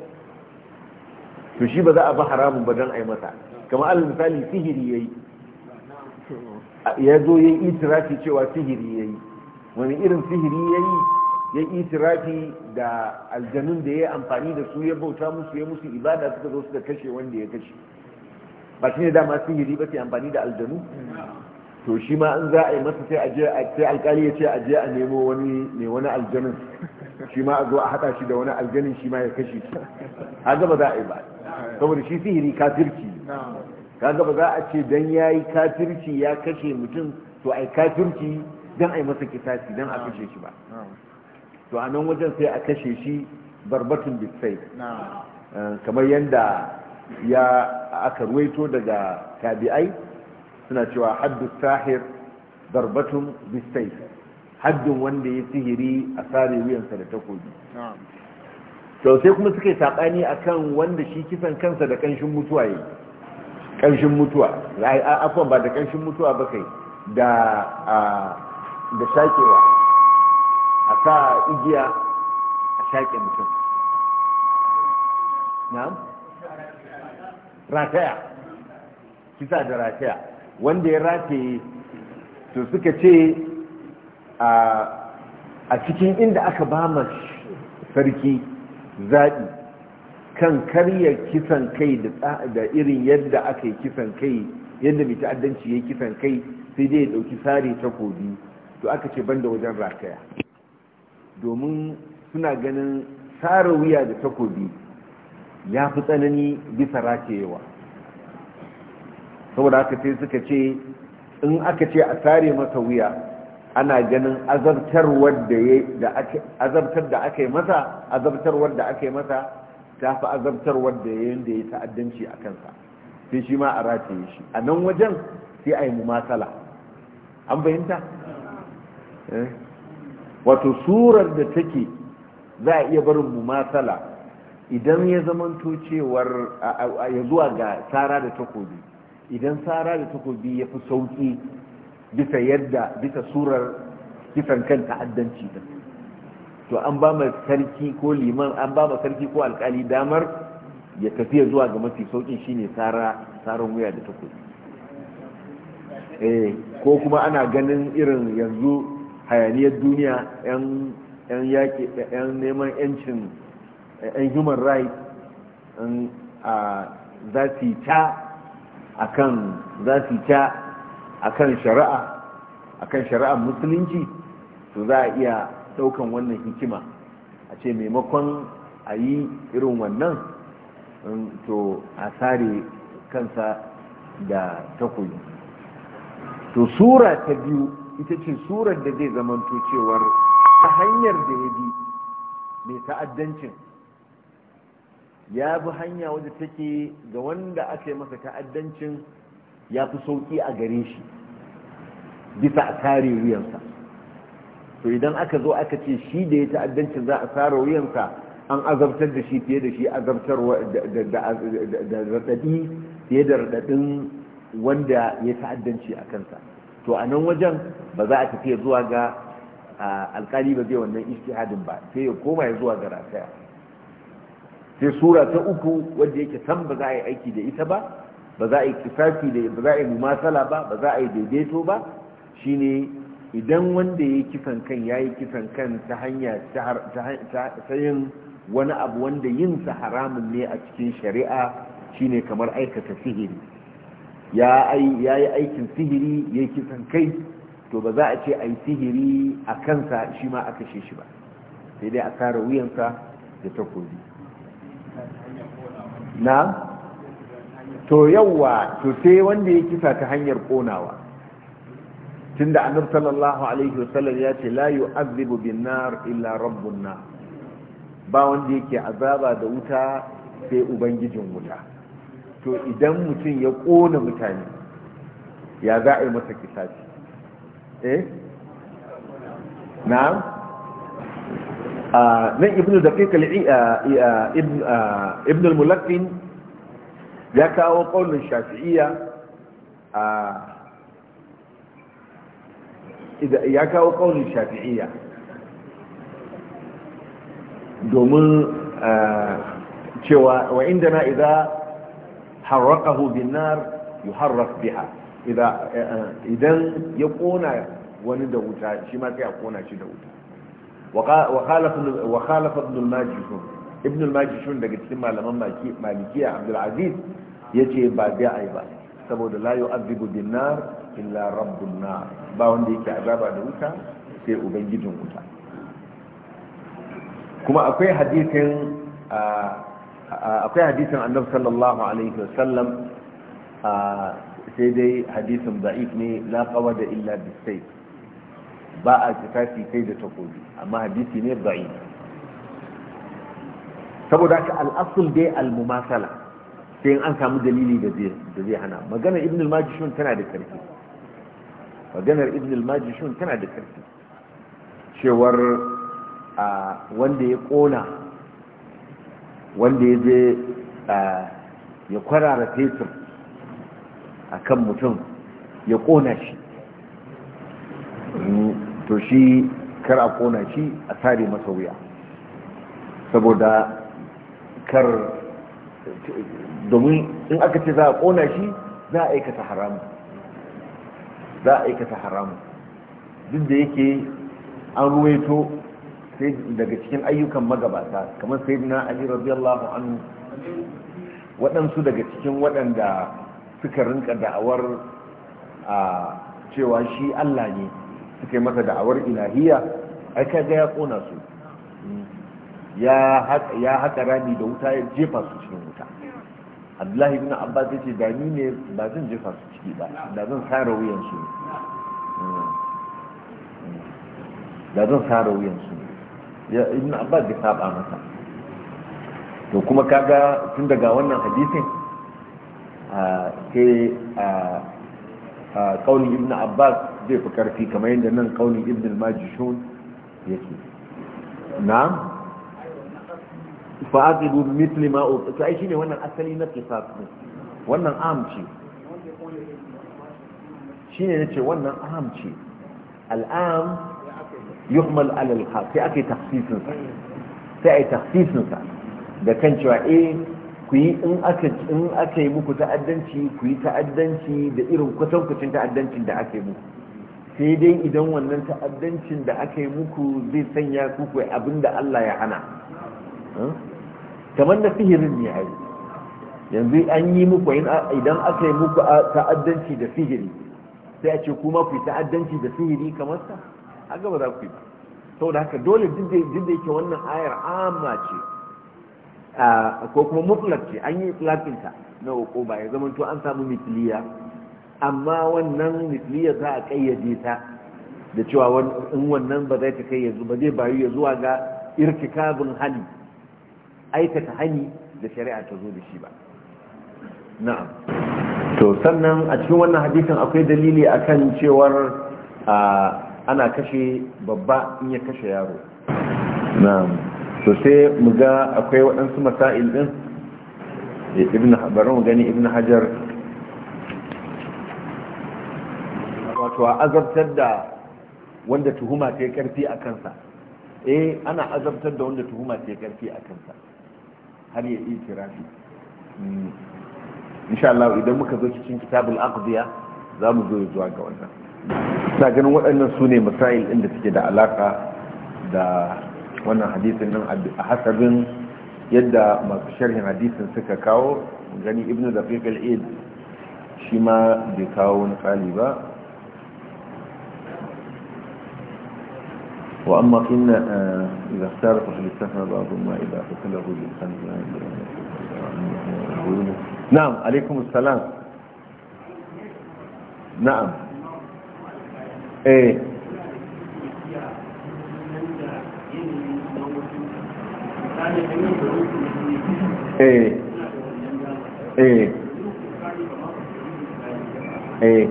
to shi ba za a ba haramun ba don a yi masa kamar alal misali sihiri ya yi ya zo ya yi itirafi cewa sihiri ya yi wani irin sihiri ya yi ya itirafi da aljanun da ya yi amfani da su ya bauta musu ya musu ibada suka zo suka kashe wanda ya kashe ba shi ne dama sihiri ba sai amfani da aljanu to shi ma an za a yi masa sai aje sai alkali ya ce aje a nemo wani ne wani aljanin shi ma a zo a hada shi da wani aljanin shi ma ya kashe shi haka ba za a yi ba saboda shi sihiri kafirci kaga ba za a ce dan yi kafirci ya kashe mutum to ai kafirci dan ai masa kisasi dan a kashe shi ba to a nan wajen sai a kashe shi barbatun bisai eh, kamar yadda ya aka ruwaito daga tabi'ai suna cewa haddu sahir barbatun bisai haddun wanda ya sihiri a sare wuyansa da takobi to sai kuma suka yi saɓani a kan wanda shi kisan kansa da ƙanshin mutuwa yi ƙanshin mutuwa afon ba da ƙanshin mutuwa ba kai da da shaƙewa a sa igiya a shaƙe mutum na'am rataya kisa da rataya wanda ya rataye to suka ce a cikin inda aka ba sarki zaɓi kan karya kisan kai da irin yadda aka yi kisan kai yadda mai ta'addanci ya yi kisan kai sai dai ya ɗauki sare takobi to aka ce banda wajen rataya domin suna ganin sare wuya da takobi ya fi tsanani bisa ratayewa saboda aka sai suka ce in aka ce a sare masa wuya ana ganin azabtarwar da da ake azabtar da aka yi masa azabtarwar da aka yi masa ta fi azabtarwar da yayi da ya ta'addanci a kansa sai shi ma a rataye shi a nan wajen sai a yi mumasala an bayanta? Eh. wato surar da take za a iya barin mumasala idan ya zamanto cewar ya zuwa ga tsara da takobi idan tsara da takobi ya fi sauki. bisa yadda bisa surar kisan kan ta'addanci din to an ba mu sarki ko liman an ba mu sarki ko alkali damar ya tafiya zuwa ga mafi saukin shine tsara tsarin wuya da takwas. eh ko kuma ana ganin irin yanzu hayaniyar duniya yan yan yan neman yancin yan human rights a za su ta akan za su ta akan shari'a akan shari'ar musulunci to za a iya daukan wannan hikima a ce maimakon a yi irin wannan um, to a sare kansa da takwai to sura ta biyu ita ce surar da zai zamanto cewar ta hanyar da ya bi mai ta'addancin ya bi hanya wadda take ga wanda aka yi masa ta'addancin ya fi sauƙi a garin shi bisa a kare wuyansa to idan aka zo aka ce shi da ya ta'addancin za a tsara wuyansa an azabtar da shi fiye da shi azabtar da raɗaɗi fiye da raɗaɗin wanda ya ta'addanci a kansa to a nan wajen ba za a tafiya zuwa ga alkali ba zai wannan istihadin ba sai ya koma ya zuwa ga rataya sai sura ta uku wadda yake san ba za a yi aiki da ita ba ba za a yi kisasi da ba za a yi mumasala ba ba za a yi daidaito ba shi ne idan wanda ya yi kisan kan ya yi kisan kan ta hanya ta yin wani abu wanda yin sa haramun ne a cikin shari'a shi ne kamar aikata sihiri ya yi aikin sihiri ya yi kisan kai to ba za a ce a yi sihiri a kansa shi ma aka shi shi ba sai dai a kara wuyansa da takobi na to yawa to sai wanda ya kisa ta hanyar konawa tunda annabi sallallahu alaihi wasallam ya ce la yu'adhibu bin nar illa rabbun nar ba wanda yake azaba da wuta sai ubangijin wuta to idan mutum ya kona mutane ya za a yi masa kisaci eh na'am ah, nan ibnu daqiq al-ibn ah, ah, ibn al-mulaqqin ya kawo ƙaunin shafi'iyya a ya kawo ƙaunin shafi'iyya domin cewa wa inda na idan harrakahu binar yi harrak biha idan ya ƙona wani da wuta shi ma sai a ƙona shi da wuta wa khalafa ibn al ibn al-majishun daga cikin malaman malikiya abdulaziz ya ce ba a yi ba saboda la yu'adhibu bin nar illa rabbun nar ba wanda yake azaba da wuta sai ubangijin wuta kuma akwai hadisin akwai hadisin annab sallallahu alaihi wasallam sai dai hadisin da'if ne la qawada illa bisayf ba a kitafi kai da takobi amma hadisi ne da'if saboda ka al'asul dai al-mumasala sai an samu dalili da zai hana maganar ibn al-majishun tana da karfi maganar ibn al-majishun tana da karfi cewar wanda ya kona wanda ya je ya kwarara fetur a kan mutum ya kona shi mm, to shi kar a kona shi a sare masa wuya saboda kar domin in aka ce za a kona shi za a aikata haramu za a aikata haramu duk da yake an ruwaito sai daga cikin ayyukan magabata kamar sai na ali radiyallahu anhu waɗansu daga cikin waɗanda suka rinka da'awar a cewa shi allah ne suka yi masa da'awar ilahiya aka kaga ya kona su ya haƙa rami da wuta ya jefa su cikin wuta abdullahi ibn abbas yace da ni ne ba zan jefa su ciki ba da zan sare wuyan su hmm. da zan sare wuyan su ya ibn abbas zai saba masa to kuma kaga tun daga wannan hadisin sai a kaunin ibn abbas zai fi karfi kamar yadda nan kaunin ibn majishun yake na'am fa'aqibu mithli ma to ai ne wannan asali na ke din wannan amci shine ce. wannan amci al'am yuhmal ala sai ake tafsisin sai ai tafsisin sa da kan cewa eh ku yi in aka yi muku ta'addanci ku yi ta'addanci da irin kwatankwacin ta'addancin da ake muku sai dai idan wannan ta'addancin da aka yi muku zai sanya ku ku abinda Allah ya hana kamar na sihirin ne a yanzu an yi muku idan aka yi muku ta'addanci da sihiri sai a ce kuma ku yi ta'addanci da sihiri kamar sa a gaba za ku yi ba sau da haka dole duk yake wannan ayar amma ce ko kuma mutlak ce an yi itlaƙinta na uku ba ya zama to an samu mitiliya amma wannan mitiliya za a kayyade ta da cewa in wannan ba zai ta kai yanzu ba zai bayu ya zuwa ga irtikabin hali aikata hani da shari'a ta zo da shi ba na'am to sannan a cikin wannan hadisin akwai dalili akan cewar ana kashe babba in ya kashe yaro na'am to sai mu ga akwai waɗansu masail din eh, ibn bari mu gani ibn hajar wato a azabtar da wanda tuhuma ta yi karfi a kansa eh ana azabtar da wanda tuhuma ta yi karfi a kansa har ya yi in hmm. insha Allah idan muka zo cikin kitabul aqdiya za mu zo zuwa ga wannan ta ganin waɗannan su ne misail ɗin da suke da alaka da wannan hadisin nan a hasabin yadda masu sharhin hadisin suka kawo gani ibnu daqiq al-id shi ma bai kawo wani tsali ba وأما إن آه، إذا اختارت بعض ما إذا أكله الإنسان نعم عليكم السلام نعم ايه ايه ايه ايه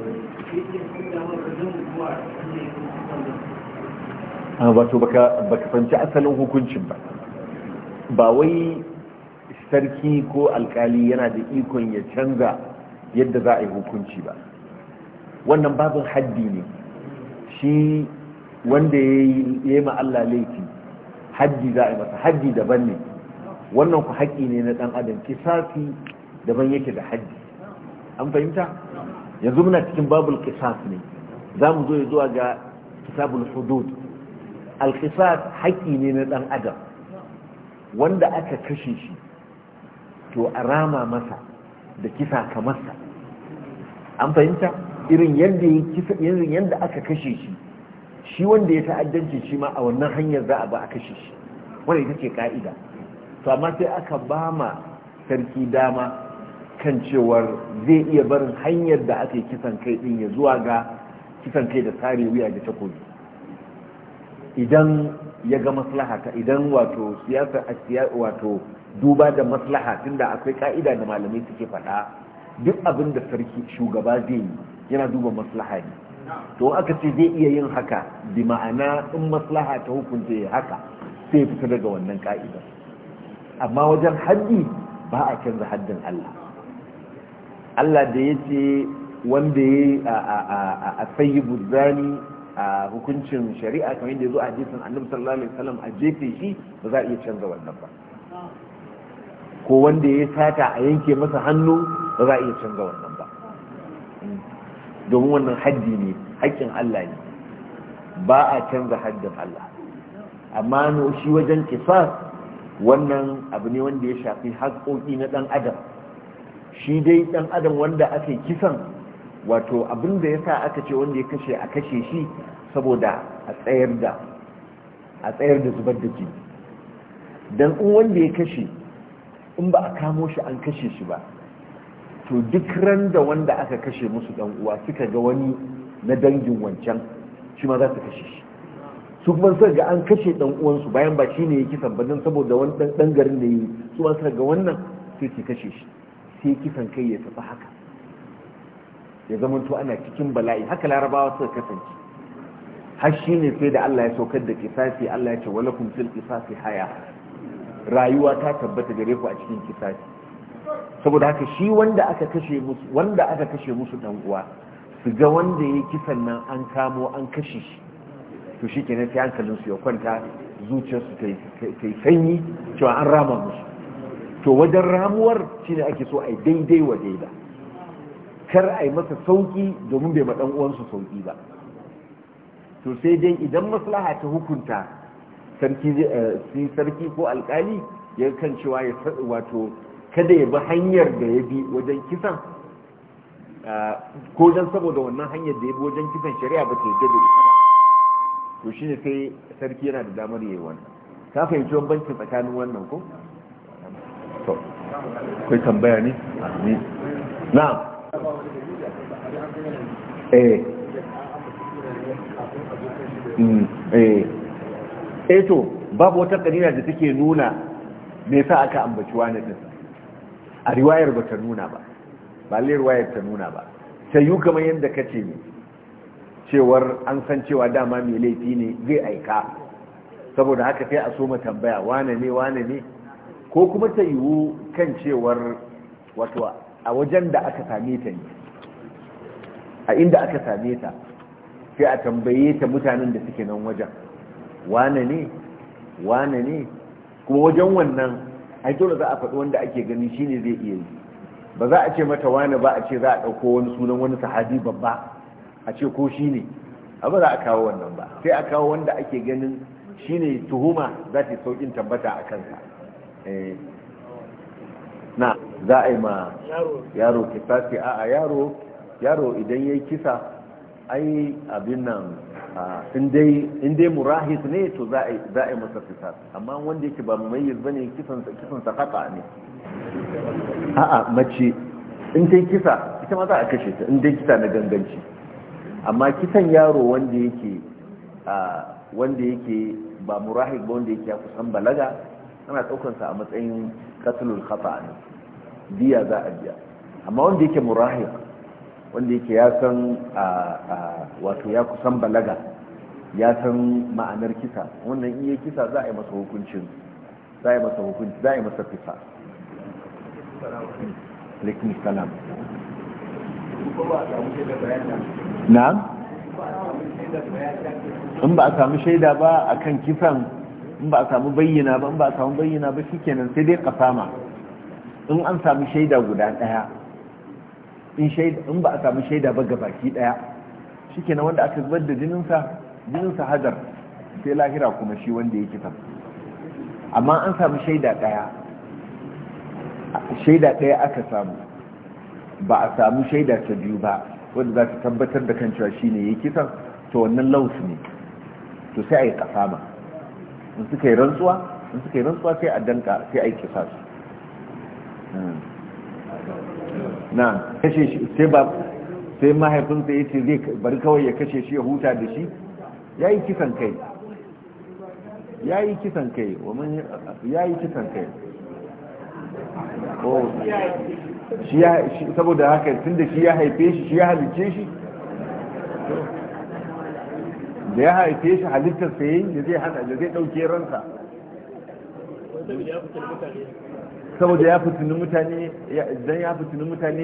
Ah, wato baka fanci asalin hukuncin ba ba wai sarki ko alkali yana da ikon ya canza yadda za a yi hukunci ba wannan babin haddi ne shi wanda ya yi Allah laifi haddi za a yi masa haddi daban ne wannan ku haƙi ne na ɗan adam kisasi daban yake da haddi an fahimta yanzu muna cikin babul kisas ne za mu zo ya zuwa ga kitabul hudud alkisas haƙƙi ne na ɗan adam wanda aka kashe shi to a rama masa da kisa kamarsa an fahimta irin yadda aka kashe shi shi wanda ya ta'addanci shi ma a wannan hanyar za a ba a kashe shi wanda ita ce ka'ida to amma sai aka ba ma sarki dama kan cewar zai iya barin hanyar da aka yi kisan kai ɗin ya zuwa ga kisan kai da tsare wuya da takobi idan ya ga maslaha ta idan wato siyasa a wato duba da maslaha tunda akwai ka'ida da malamai suke faɗa duk abin da sarki shugaba zai yi yana duba maslaha ne to aka ce zai iya yin haka bi ma'ana in maslaha ta hukunta ya haka sai fita daga wannan ka'idar amma wajen haddi ba a canza haddin Allah Allah da ya ce wanda ya yi a sayi a hukuncin shari'a kamar yadda zo a hadisin annabi sallallahu alaihi wasallam a jefe shi ba za a iya canza wannan ba ko wanda ya sata a yanke masa hannu ba za a iya canza wannan ba domin wannan haddi ne haƙƙin Allah ne ba a canza haddin Allah amma no shi wajen kisas wannan abu ne wanda ya shafi haƙƙoƙi na ɗan adam shi dai ɗan adam wanda ake kisan wato abin da ya sa aka ce wanda ya kashe a kashe shi saboda a tsayar da zubar da jini don in wanda ya kashe in ba a kamo shi an kashe shi ba to duk ran da wanda aka kashe musu dan uwa suka ga wani na dangin wancan shi ma za su kashe shi su kuma suka ga an kashe dan uwansu bayan ba shi ne ya kisan ba don saboda wani dan garin da yi su ma suka ga wannan sai ki kashe shi sai kisan kai ya tafi haka ya zama to ana cikin bala'i haka larabawa suka kasance har shi ne sai da Allah ya saukar da kisasi Allah ya ce walakum fil kisasi haya rayuwa ta tabbata gare ku a cikin kisasi saboda haka shi wanda aka kashe musu wanda aka kashe musu dan uwa su ga wanda yayi kisan nan an kamo an kashe shi to shikenan sai hankalin su ya kwanta zuciyarsu ta sanyi cewa an rama musu to wajen ramuwar shine ake so a daidai wa daida kar a yi masa sauki domin bai maɗan uwansu sauki ba to sai dai idan maslaha ta hukunta sarki eh, sarki ko alƙali ya kan cewa ya wato kada ya bi hanyar da ya bi wajen kisan eh, ko don saboda wannan hanyar da ya bi wajen kisan shari'a ba ta yake da ita ba to ne sai sarki yana da damar yi wannan ka fahimci bankin tsakanin wannan ko to kai tambaya ne na'am Eh. Eh. eh to babu wata karina da take nuna me yasa aka ambaci wani din a riwayar ba ta nuna ba ba lai riwayar ta nuna ba sai yu kamar yadda kace ne cewar an san cewa dama mai laifi ne zai aika saboda haka sai a ma tambaya wane ne wane ne ko kuma ta yiwu kan cewar wato a wajen da aka same ta ne a inda aka same ta sai a tambaye ta mutanen da suke nan wajen wane ne wane ne kuma wajen wannan ai dole za a faɗi wanda ake gani shine zai iya yi ba za a ce mata wane ba a ce za a ɗauko wani sunan wani sahabi babba a ce ko shine a ba za a kawo wannan ba sai a kawo wanda ake ganin shine tuhuma za ta saukin tabbata a kansa eh. na za a yi ma yaro kisasi a a yaro yaro idan ya yi kisa ai abin nan in dai murahis ne to za a yi masa kisa. amma wanda yake ba mamayyar bane kisansa haka ne a a mace in kai kisa ita ma za a kashe ta in dai kisa na ganganci amma kisan yaro wanda yake wanda yake ba murahik ba wanda yake ya kusan balaga ana ɗaukansa a matsayin katulul haka ne biya za a biya amma wanda yake murahik wanda yake ya san wato ya kusan balaga ya san ma'anar kisa wannan iya kisa za a yi masa hukuncin za a yi masa hukunci za a yi masa kisa alaikum salam na in ba a samu shaida ba kan kisan in ba a samu bayyana ba in ba a samu bayyana ba kenan sai dai kasama in an samu shaida guda ɗaya in ba a samu shaida ba gabaki ɗaya shi kenan wanda aka zubar da jininsa jininsa sai lahira kuma shi wanda ya kitan amma an samu shaida ɗaya shaida ɗaya aka samu ba a samu shaida ta biyu ba wanda za ta tabbatar da kan cewa shi ne ya kitan to wannan lausu ne to sai a yi kasama in yi rantsuwa in suka yi rantsuwa sai a danka sai a yi kisa su na kashe shi sai ba sai mahaifinsa ya ce zai bari kawai ya kashe shi ya huta da shi ya yi kisan kai ya yi kisan kai ya yi kisan kai oh. shi ya saboda haka tun da shi ya haife shi shi ya halice shi da ya haife shi halittar sayi da zai hada da zai dauke ransa saboda ya fitini mutane idan ya fitini mutane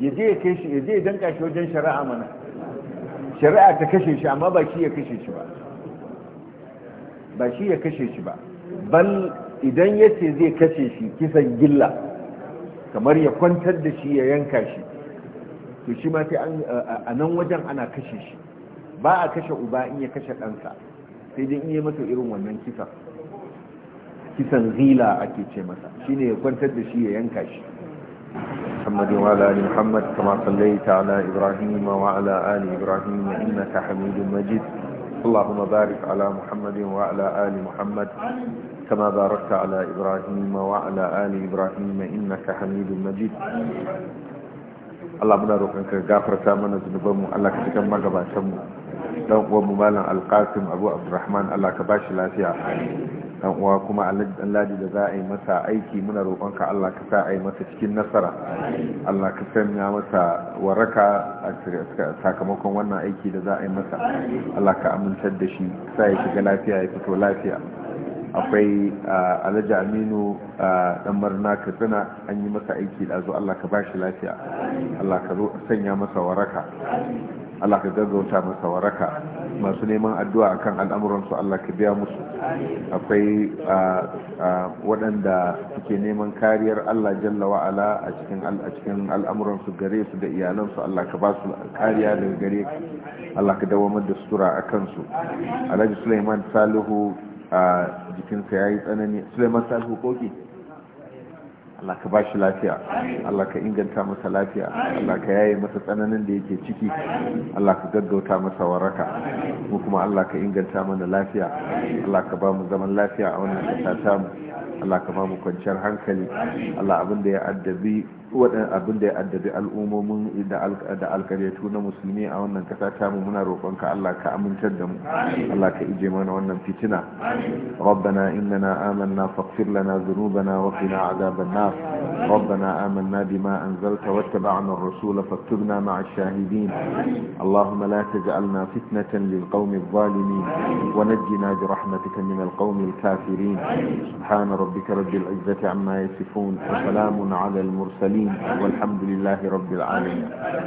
ya je ya kai shi ya je ya danka shi wajen shari'a mana shari'a ta kashe shi amma ba shi ya kashe shi ba ba shi ya kashe shi ba bal idan ya ce zai kashe shi kisan gilla kamar ya kwantar da shi ya yanka shi to shi ma sai a nan wajen ana kashe shi ba a kashe uba in ya kashe ɗansa sai dai in yi masa irin wannan kisan kisan zila ake ce masa shine ya kwantar da shi ya yanka shi محمد وعلى آل محمد كما صليت على إبراهيم وعلى آل إبراهيم إنك حميد مجيد اللهم بارك على محمد وعلى آل محمد كما باركت على إبراهيم وعلى آل إبراهيم إنك حميد مجيد gafarta mana zunubanmu Allah ka mu malam alqasim abu abdurrahman Allah ka lafiya dan uwa kuma Allah da za a yi masa aiki muna roƙonka Allah ka sa a yi masa cikin nasara Allah ka sanya masa waraka a sakamakon wannan aiki da za a yi masa Allah ka amintar da shi sa ya shiga lafiya ya fito lafiya akwai alhaji aminu dan marna katsina an yi masa aiki da zo Allah ka bashi lafiya Allah ka sanya masa waraka Allah ka gaggauta masa waraka masu neman addu'a akan al'amuransu Allah ka biya musu akwai waɗanda suke neman kariyar Allah jalla wa'ala a cikin al'amuransu gare su da iyalansu Allah ka ba su kariya daga gare Allah ka dawamar da sutura a kansu Alhaji Suleiman Salihu a jikinsa ya yi tsanani sulaiman Salihu koki Allah ka bashi lafiya Allah ka inganta masa lafiya Allah ka yaye masa tsananin da yake ciki Allah ka gaggauta masa waraka mu kuma Allah ka inganta mana lafiya Allah ka ba mu zaman lafiya a wannan kasa mu Allah ka ba mu kwanciyar hankali Allah abin da ya addabi waɗanda abin da ya addabi al'ummomin da alkaryatu na musulmi a wannan ƙasa ta muna roƙonka Allah ka amintar da mu Allah ka ije mana wannan fitina rabbana innana amanna faghfir lana dhunubana wa qina adhaban nar rabbana amanna bima anzalta wattaba'na ar-rasul faktubna ma'a ash-shahidin allahumma la taj'alna fitnatan lil qawmi adh-dhalimin wa najjina bi rahmatika min al-qawmi al-kafirin subhana rabbika rabbil izzati amma yasifun wa salamun 'ala al-mursalin والحمد لله رب العالمين